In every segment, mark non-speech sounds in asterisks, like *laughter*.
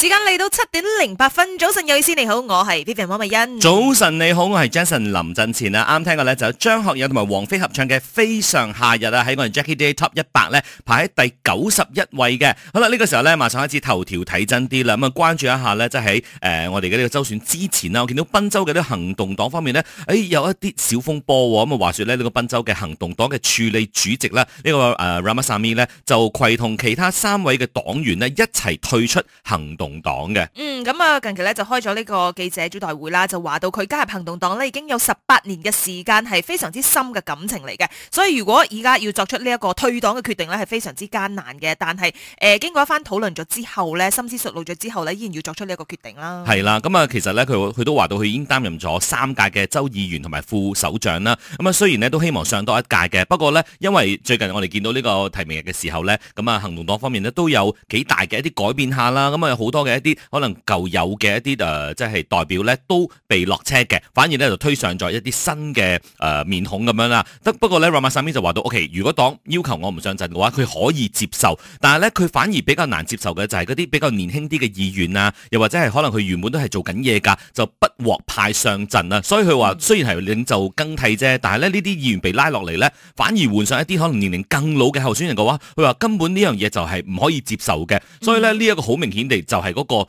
時間嚟到七點零八分，早晨有意思，你好，我係 B B M 咪欣。早晨你好，我係 Jason 林振前啊，啱聽過咧就係張學友同埋王菲合唱嘅《非常夏日》啊，喺我哋 Jackie Day Top 一百咧排喺第九十一位嘅。好啦，呢、這個時候咧，馬上開始頭條睇真啲啦，咁啊關注一下咧，就喺、是、誒、呃、我哋嘅呢個週選之前啦，我見到賓州嘅啲行動黨方面呢，誒、哎、有一啲小風波喎，咁、嗯、啊話說呢，呢、這個賓州嘅行動黨嘅處理主席啦，呢、這個誒、呃、Ramasamy 呢，就攜同其他三位嘅黨員呢，一齊退出行動黨嘅，嗯，咁啊，近期咧就開咗呢個記者招待會啦，就話到佢加入行動黨呢已經有十八年嘅時間，係非常之深嘅感情嚟嘅。所以如果而家要作出呢一個退黨嘅決定呢，係非常之艱難嘅。但係誒、呃，經過一番討論咗之後呢，深思熟慮咗之後呢，依然要作出呢一個決定啦。係啦，咁啊，其實呢，佢佢都話到佢已經擔任咗三屆嘅州議員同埋副首長啦。咁啊，雖然呢，都希望上多一屆嘅，不過呢，因為最近我哋見到呢個提名日嘅時候呢，咁啊行動黨方面呢都有幾大嘅一啲改變下啦。咁啊，有好多。嘅一啲可能舊有嘅一啲誒、呃，即係代表呢都被落車嘅，反而呢就推上咗一啲新嘅誒、呃、面孔咁樣啦。不過呢 Ramah 上面就話到，OK，如果黨要求我唔上陣嘅話，佢可以接受，但係呢，佢反而比較難接受嘅就係嗰啲比較年輕啲嘅議員啊，又或者係可能佢原本都係做緊嘢㗎，就不獲派上陣啊。所以佢話，雖然係領袖更替啫，但係呢呢啲議員被拉落嚟呢，反而換上一啲可能年齡更老嘅候選人嘅話，佢話根本呢樣嘢就係唔可以接受嘅。所以呢，呢、這、一個好明顯地就係、是。嗰個。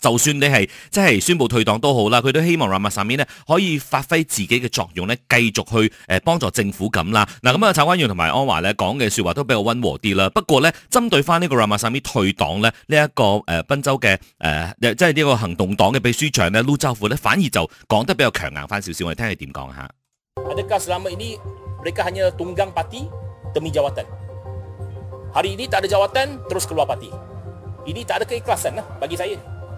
就算你係即係宣布退黨都好啦，佢都希望拉馬薩米呢可以發揮自己嘅作用呢繼續去誒幫助政府咁啦。嗱咁啊，陳冠榮同埋安華呢講嘅說話都比較溫和啲啦。不過呢，針對翻呢個拉馬薩米退黨呢，呢、這、一個誒賓州嘅誒即係呢個行動黨嘅秘書長呢，盧州府呢反而就講得比較強硬翻少少。我哋聽佢點講下。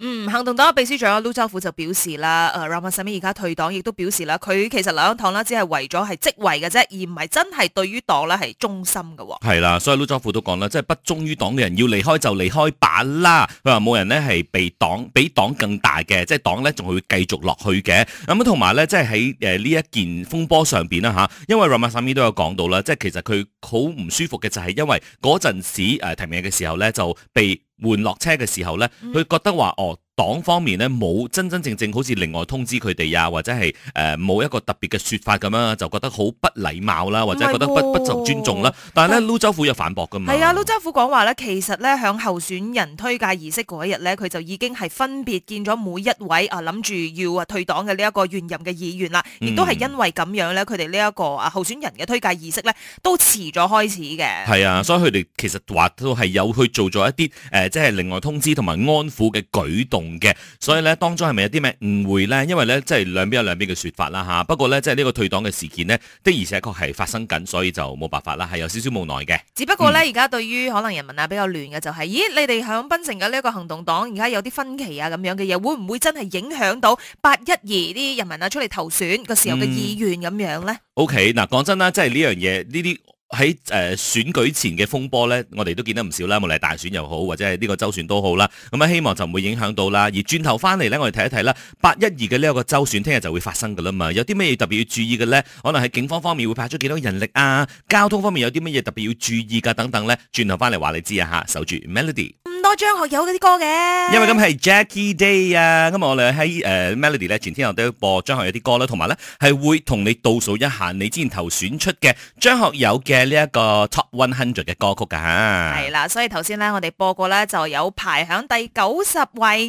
嗯，行動黨嘅秘書長盧州富就表示啦，誒 Ramasamy 而家退黨，亦都表示啦，佢其實嚟一趟啦，只係為咗係職位嘅啫，而唔係真係對於黨呢係忠心㗎喎、哦。係啦，所以盧州富都講啦，即係不忠於黨嘅人要離開就離開板啦。佢話冇人呢係被黨比黨更大嘅，即係黨呢仲會繼續落去嘅。咁同埋呢，即係喺呢一件風波上面啦嚇，因為 Ramasamy 都有講到啦，即係其實佢好唔舒服嘅就係因為嗰陣時、呃、提名嘅時候咧就被。換落車嘅時候咧，佢覺得話哦。黨方面呢，冇真真正正，正好似另外通知佢哋呀，或者係冇一個特別嘅說法咁樣，就覺得好不禮貌啦，或者覺得不不受尊重啦。但係咧，盧州府有反駁噶嘛？係啊，盧州府講話咧，其實咧喺候選人推介儀式嗰一日咧，佢就已經係分別見咗每一位啊，諗住要啊退黨嘅呢一個現任嘅議員啦，亦都係因為咁樣咧，佢哋呢一個啊候選人嘅推介儀式咧都遲咗開始嘅。係啊，所以佢哋其實話都係有去做咗一啲誒即係另外通知同埋安撫嘅舉動。嘅，所以咧當中係咪有啲咩誤會咧？因為咧即係兩邊有兩邊嘅說法啦吓。不過咧即係呢個退黨嘅事件呢，的而且確係發生緊，所以就冇辦法啦，係有少少無奈嘅。只不過咧而家對於可能人民啊比較亂嘅、就是，就係咦，你哋響檳城嘅呢一個行動黨而家有啲分歧啊咁樣嘅嘢，會唔會真係影響到八一二啲人民啊出嚟投選個時候嘅意願咁樣咧？OK，嗱講真啦，即係呢樣嘢呢啲。喺誒、呃、選舉前嘅風波咧，我哋都見得唔少啦。無論係大選又好，或者係呢個周選都好啦。咁啊，希望就唔會影響到啦。而轉頭翻嚟咧，我哋睇一睇啦。八一二嘅呢一個周選，聽日就會發生噶啦嘛。有啲咩特別要注意嘅咧？可能喺警方方面會派出幾多人力啊？交通方面有啲咩嘢特別要注意噶？等等咧，轉頭翻嚟話你知啊嚇。守住 Melody，咁多張學友嗰啲歌嘅，因為咁係 Jackie Day 啊。今日我哋喺誒 Melody 咧，全天候都播張學友啲歌啦，同埋咧係會同你倒數一下你之前投選出嘅張學友嘅。呢、這、一個 Top One Hundred 嘅歌曲㗎嚇，係啦，所以頭先咧，我哋播過咧就有排喺第九十位嘅《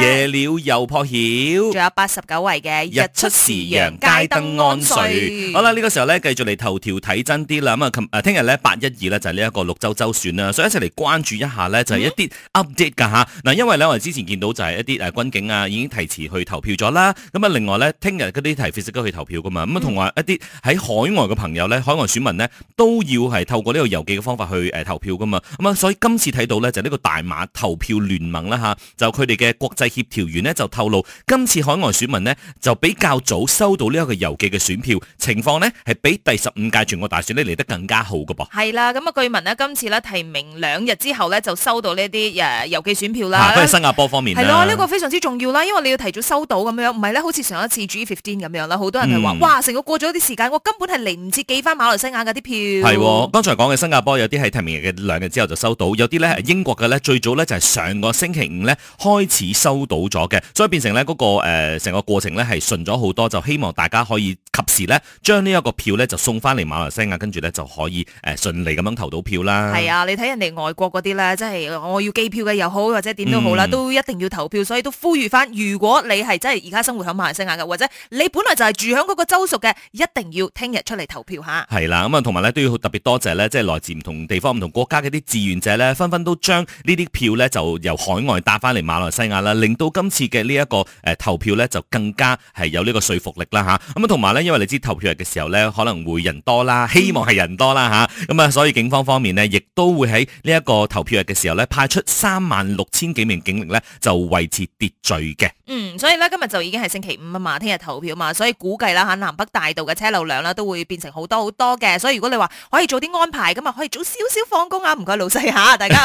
夜鳥又破曉》，仲有八十九位嘅《日出時陽街燈安睡》。好啦，呢、這個時候咧，繼續嚟頭條睇真啲啦。咁、嗯、啊，琴誒聽日咧八一二咧就係呢一個六州州選啦，所以一齊嚟關注一下咧，就係、是、一啲 update 㗎嚇。嗱、嗯，因為咧我哋之前見到就係一啲誒軍警啊已經提前去投票咗啦。咁啊，另外咧聽日嗰啲提 f a c 去投票㗎嘛。咁啊，同埋一啲喺海外嘅朋友咧，海外選民咧都。都要係透過呢個郵寄嘅方法去誒投票噶嘛，咁啊，所以今次睇到咧就呢、是、個大馬投票聯盟啦吓，就佢哋嘅國際協調員呢，就透露，今次海外選民呢，就比較早收到呢一個郵寄嘅選票情況呢，係比第十五屆全國大選呢嚟得更加好噶噃。係啦，咁啊據聞呢，今次呢提名兩日之後呢，就收到呢啲誒郵寄選票啦。喺新加坡方面係咯，呢、這個非常之重要啦，因為你要提早收到咁樣，唔係咧好似上一次 G15 咁樣啦，好多人係話、嗯、哇，成個過咗啲時間，我根本係嚟唔切寄翻馬來西亞嗰啲票。係、啊，剛才講嘅新加坡有啲係提名日嘅兩日之後就收到，有啲咧英國嘅咧，最早咧就係上個星期五咧開始收到咗嘅，所以變成咧嗰、那個誒成、呃、個過程咧係順咗好多，就希望大家可以及時咧將呢一個票咧就送翻嚟馬來西亞，跟住咧就可以誒、呃、順利咁樣投到票啦。係啊，你睇人哋外國嗰啲咧，即係我要寄票嘅又好，或者點都好啦、嗯，都一定要投票，所以都呼籲翻，如果你係真係而家生活響馬來西亞嘅，或者你本來就係住響嗰個州屬嘅，一定要聽日出嚟投票下。係啦，咁啊，同埋咧特別多謝咧，即係來自唔同地方、唔同國家嘅啲志願者咧，紛紛都將呢啲票咧就由海外搭翻嚟馬來西亞啦，令到今次嘅呢一個誒投票咧就更加係有呢個說服力啦吓。咁啊，同埋咧，因為你知道投票日嘅時候咧，可能會人多啦，希望係人多啦吓。咁啊，所以警方方面呢亦都會喺呢一個投票日嘅時候咧，派出三萬六千幾名警力咧，就維持秩序嘅。嗯，所以咧今日就已經係星期五啊嘛，聽日投票嘛，所以估計啦吓，南北大道嘅車流量啦都會變成好多好多嘅，所以如果你話可，可以早啲安排，咁啊可以早少少放工啊，唔該老細吓，大家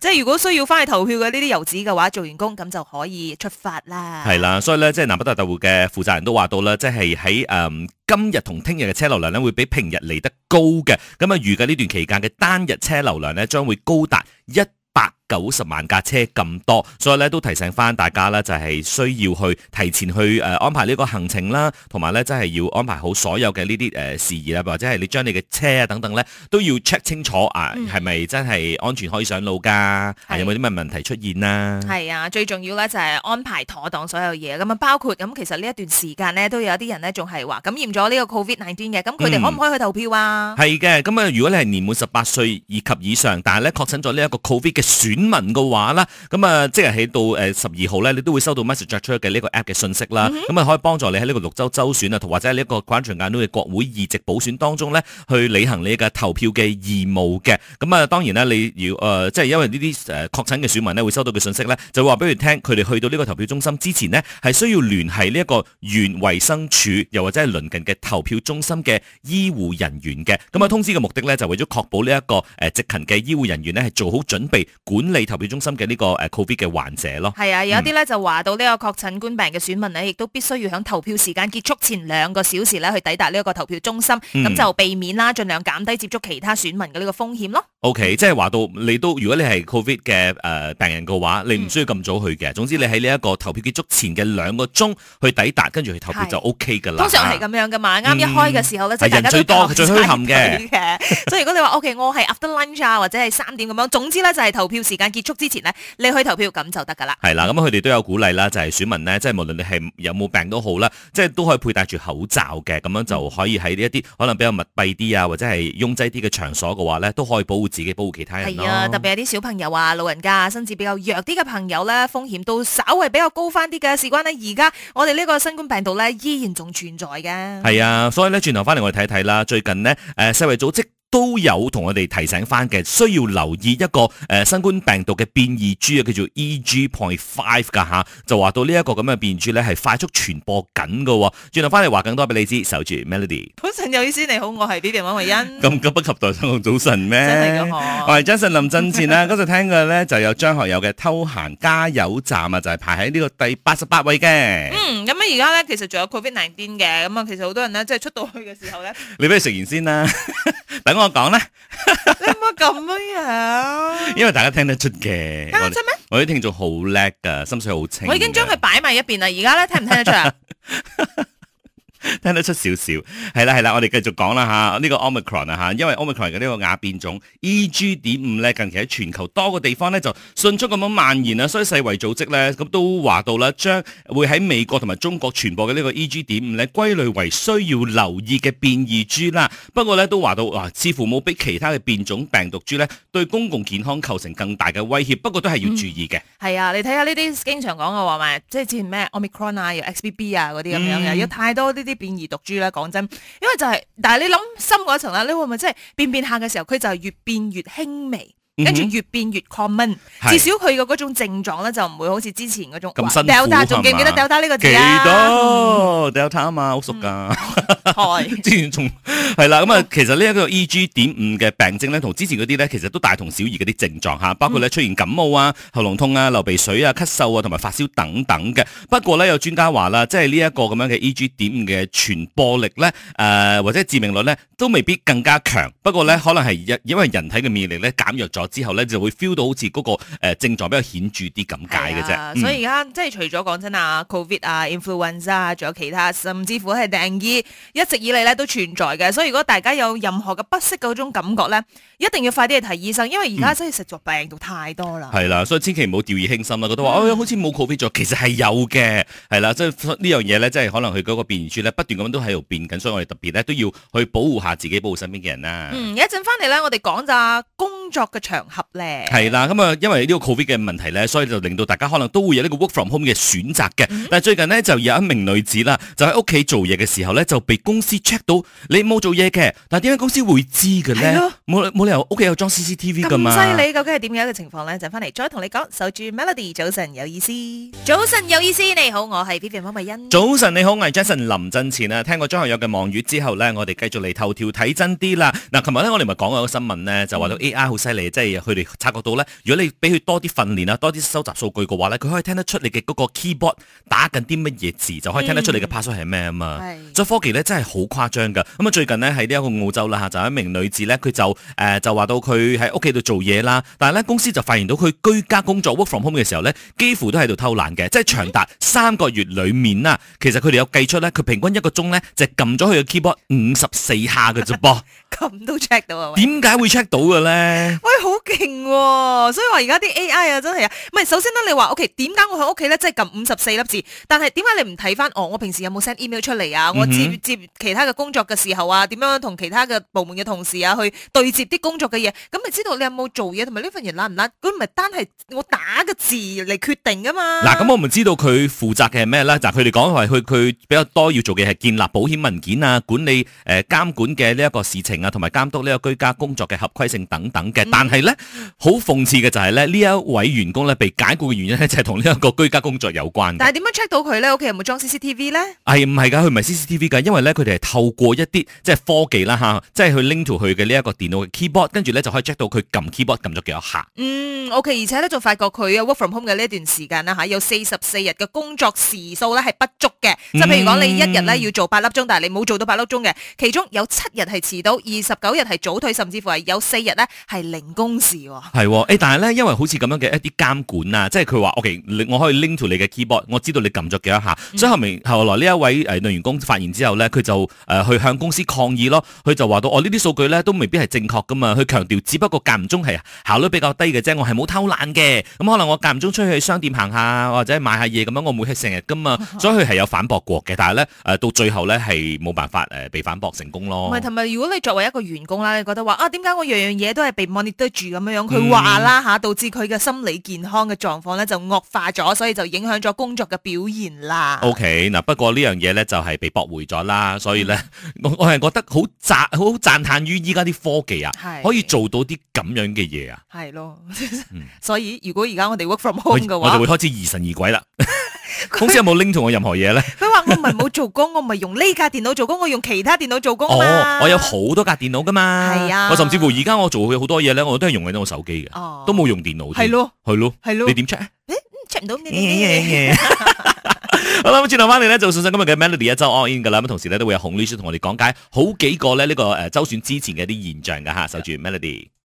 即係 *laughs* 如果需要翻去投票嘅呢啲遊子嘅話，做完工咁就可以出發啦。係啦，所以咧即係南北大道嘅負責人都話到啦，即係喺誒今日同聽日嘅車流量咧會比平日嚟得高嘅，咁啊預計呢段期間嘅單日車流量呢將會高達一百。九十萬架車咁多，所以咧都提醒翻大家啦，就係、是、需要去提前去、呃、安排呢個行程啦，同埋咧真係要安排好所有嘅呢啲事宜啦，或者係你將你嘅車啊等等咧都要 check 清楚啊，係、嗯、咪真係安全可以上路㗎、啊？係、啊、有冇啲咩問題出現啦、啊？係啊，最重要咧就係安排妥當所有嘢咁啊，包括咁其實呢一段時間咧都有啲人咧仲係話感染咗呢個 Covid nineteen 嘅，咁佢哋可唔可以去投票啊？係、嗯、嘅，咁啊如果你係年滿十八歲以及以上，但係咧確診咗呢一個 Covid 嘅損選民嘅話啦，咁啊，即係喺到誒十二號咧，你都會收到 message 出嘅呢個 app 嘅信息啦。咁啊，可以幫助你喺呢個六州州選啊，同或者係呢個廣場眼都嘅國會議席補選當中咧，去履行你嘅投票嘅義務嘅。咁啊，當然啦，你要誒即係因為呢啲誒確診嘅選民咧，會收到嘅信息咧，就話俾佢聽佢哋去到呢個投票中心之前咧，係需要聯繫呢一個縣衛生署又或者係鄰近嘅投票中心嘅醫護人員嘅。咁啊，通知嘅目的咧，就是、為咗確保呢、這、一個誒、呃、值勤嘅醫護人員咧，係做好準備管。嚟投票中心嘅呢個 covid 嘅患者咯，係啊，有啲咧就話到呢個確診冠病嘅選民咧，亦都必須要響投票時間結束前兩個小時咧去抵達呢一個投票中心，咁、嗯、就避免啦，盡量減低接觸其他選民嘅呢個風險咯。O、okay, K，即係話到你都，如果你係 covid 嘅誒、呃、病人嘅話，你唔需要咁早去嘅、嗯。總之你喺呢一個投票結束前嘅兩個鐘去抵達，跟住去投票就 O K 㗎啦。通常係咁樣嘅嘛，啱一開嘅時候咧、嗯、就係人最多，最虛冚嘅。 *laughs* 所以如果你話 O K，我係 after lunch 啊，或者係三點咁樣，總之咧就係、是、投票時間間結束之前咧，你去投票咁就得噶啦。係啦，咁佢哋都有鼓勵啦，就係選民呢。即係無論你係有冇病都好啦，即係都可以佩戴住口罩嘅，咁樣就可以喺呢、啊就是、一啲可能比較密閉啲啊，或者係擁擠啲嘅場所嘅話呢，都可以保護自己，保護其他人咯。係啊，特別有啲小朋友啊、老人家、甚至比較弱啲嘅朋友咧，風險都稍微比較高翻啲嘅。事關呢，而家我哋呢個新冠病毒呢，依然仲存在嘅。係啊，所以呢，轉頭翻嚟我哋睇睇啦，最近呢，誒、呃，世衛組織。都有同我哋提醒翻嘅，需要留意一個誒、呃、新冠病毒嘅變異株叫做 E G point five 噶吓，就話到這這呢一個咁嘅變異株咧係快速傳播緊喎。轉頭翻嚟，話更多俾你知，守住 Melody。早晨，有意思，你好，我係 BTV 黃慧欣。咁急不及待，早晨咩？真係噶，我係 Justin 林振賢啦。嗰 *laughs* 陣聽過咧就有張學友嘅《偷閒加油站》啊，就係、是、排喺呢個第八十八位嘅。嗯，咁為而家咧其實仲有 Covid nineteen 嘅，咁啊，其實好多人咧即係出到去嘅時候咧，你不如食完先啦。 *laughs* 等我講咧，你唔好咁樣啊。 *laughs* 因為大家聽得出嘅，聽得出咩？我啲聽眾好叻噶，心水好清。我已經將佢擺埋一邊啦，而家咧聽唔聽得出啊？ *laughs* 聽得出少少，係啦係啦，我哋繼續講啦吓，呢個 omicron 啊吓，因為 omicron 嘅呢個亞變種 E G 點五咧，5，近期喺全球多個地方咧就迅速咁樣蔓延啦，所以世衛組織咧咁都話到啦，將會喺美國同埋中國傳播嘅呢個 E G 點五咧歸類為需要留意嘅變異株啦。不過咧都話到，哇，似乎冇比其他嘅變種病毒株咧對公共健康構成更大嘅威脅，不過都係要注意嘅。係啊，你睇下呢啲經常講嘅話咪，即係之前咩 omicron 啊，有 X B B 啊嗰啲咁樣嘅，有太多呢啲變。易讀豬啦，講真，因為就係、是，但係你諗深嗰層啦，你會唔會即係變變下嘅時候，佢就係越變越輕微？跟、嗯、住越變越 common，至少佢嘅嗰種症狀咧就唔會好似之前嗰種。咁新。記，記唔記得德爾塔呢個字啊。記得德爾塔啊嘛，好熟噶。係、嗯。 *laughs* 之前仲係啦，咁啊、嗯，其實呢一個 E G 點五嘅病徵咧，同之前嗰啲咧，其實都大同小異嗰啲症狀吓，包括咧出現感冒啊、喉嚨痛啊、流鼻水啊、咳嗽啊，同埋發燒等等嘅。不過咧，有專家話啦，即係呢一個咁樣嘅 E G 點五嘅傳播力咧，誒或者致命率咧，都未必更加強。不過咧，可能係因為人體嘅免疫力咧減弱咗。之後咧就會 feel 到好似嗰個症狀比較顯著啲咁解嘅啫，嗯、所以而家即係除咗講真啊，covid 啊，influenza 仲有其他甚至乎係病醫，一直以嚟咧都存在嘅。所以如果大家有任何嘅不適嗰種感覺咧，一定要快啲去睇醫生，因為而家真係實在病毒太多啦。係、嗯、啦，所以千祈唔好掉以輕心啦。覺得話、嗯哦、好似冇 covid 咗，其實係有嘅。係啦，即係呢樣嘢咧，即係可能佢嗰個變異株咧不斷咁都喺度變緊，所以我哋特別咧都要去保護下自己，保護身邊嘅人啦。嗯，一陣翻嚟咧，我哋講就工作嘅。場合咧，係啦，咁啊，因為呢個 COVID 嘅問題咧，所以就令到大家可能都會有呢個 work from home 嘅選擇嘅、嗯。但係最近呢，就有一名女子啦，就喺屋企做嘢嘅時候咧，就被公司 check 到你冇做嘢嘅。但係點解公司會知嘅咧？冇冇、啊、理由屋企有裝 CCTV 㗎嘛？咁犀利，究竟係點樣嘅情況咧？就翻嚟再同你講，守住 Melody，早晨有意思。早晨有意思，你好，我係 Vivian 方惠欣。早晨你好，我係 Jason。臨瞓前啊，聽過張學友嘅《望月》之後咧，我哋繼續嚟頭條睇真啲啦。嗱、嗯，琴日咧我哋咪講過個新聞咧，就話到 A I 好犀利。佢哋察覺到咧，如果你俾佢多啲訓練啊，多啲收集數據嘅話咧，佢可以聽得出你嘅嗰個 keyboard 打緊啲乜嘢字，就可以聽得出你嘅 password 係咩啊嘛。係、嗯，所以科技咧真係好誇張㗎。咁啊，最近呢，喺呢一個澳洲啦嚇，就有一名女子咧，佢就誒、呃、就話到佢喺屋企度做嘢啦，但係咧公司就發現到佢居家工作 work from home 嘅時候咧，幾乎都喺度偷懶嘅，即係長達三個月裡面啊、嗯。其實佢哋有計出咧，佢平均一個鐘咧就撳咗佢嘅 keyboard 五十四下㗎啫噃。撳 *laughs* 都 check 到啊？點解會 check 到嘅咧？ *laughs* 好勁喎，所以話而家啲 A I 啊真係啊，唔係首先咧，你話 O K，點解我喺屋企咧，即係撳五十四粒字？但係點解你唔睇翻我？我平時有冇 send email 出嚟啊？我接接其他嘅工作嘅時候啊，點樣同其他嘅部門嘅同事啊去對接啲工作嘅嘢？咁咪知道你有冇做嘢，同埋呢份人懶唔懶？佢唔係單係我打個字嚟決定噶嘛？嗱，咁我唔知道佢負責嘅係咩咧？嗱，佢哋講係佢佢比較多要做嘅係建立保險文件啊，管理誒監管嘅呢一個事情啊，同埋監督呢個居家工作嘅合規性等等嘅，但係。好諷刺嘅就係咧，呢一位員工咧，被解雇嘅原因咧就係同呢一個居家工作有關。但係點樣 check 到佢咧？屋企有冇裝 CCTV 咧？係唔係噶？佢唔係 CCTV 噶，因為咧佢哋係透過一啲即係科技啦吓，即係去 link 到佢嘅呢一個電腦嘅 keyboard，跟住咧就可以 check 到佢撳 keyboard 撳咗幾多下。嗯，OK，而且咧仲發覺佢 work from home 嘅呢段時間啦吓，有四十四日嘅工作時數咧係不足嘅。就、嗯、譬如講你一日咧要做八粒鐘，但係你冇做到八粒鐘嘅，其中有七日係遲到，二十九日係早退，甚至乎係有四日咧係零工。公事喎、哦，係喎、哦欸，但係咧，因為好似咁樣嘅一啲監管啊，即係佢話，我、OK，其我可以拎住你嘅 keyboard，我知道你撳咗幾多下，所以後面、嗯、後來呢一位誒女、呃、員工發現之後呢，佢就誒去、呃、向公司抗議咯，佢就話到，哦，呢啲數據呢都未必係正確噶嘛，佢強調，只不過間唔中係效率比較低嘅啫，我係冇偷懶嘅，咁、嗯、可能我間唔中出去，去商店行下或者買下嘢咁樣，我唔會係成日噶嘛， *laughs* 所以佢係有反駁過嘅，但係呢，誒、呃，到最後呢，係冇辦法誒、呃、被反駁成功咯。同埋如果你作為一個員工啦，你覺得話啊，點解我樣樣嘢都係被咁樣佢話啦吓，導致佢嘅心理健康嘅狀況咧就惡化咗，所以就影響咗工作嘅表現啦。O K，嗱，不過呢樣嘢咧就係被駁回咗啦，所以咧我我係覺得好讚，好讚嘆於依家啲科技啊，可以做到啲咁樣嘅嘢啊，係咯，所 *laughs* 以如果而家我哋 work from home 嘅話，我哋會開始疑神疑鬼啦。 *laughs* 公司有冇拎同我任何嘢咧？佢話我唔係冇做工， *laughs* 我唔係用呢架電腦做工，我用其他電腦做工哦，oh, 我有好多架電腦噶嘛。係啊，我甚至乎而家我做佢好多嘢咧，我都係用緊我手機嘅。哦，都冇用電腦。係咯,咯,咯，係咯，係咯。你點 check？check 唔到咩嘢好啦，咁轉頭翻嚟咧，就送上今日嘅 Melody 一周 all in 噶啦。咁同時咧，都會有紅律師同我哋講解好幾個咧呢、呢個誒、呃、周選之前嘅啲現象噶吓，守住 Melody。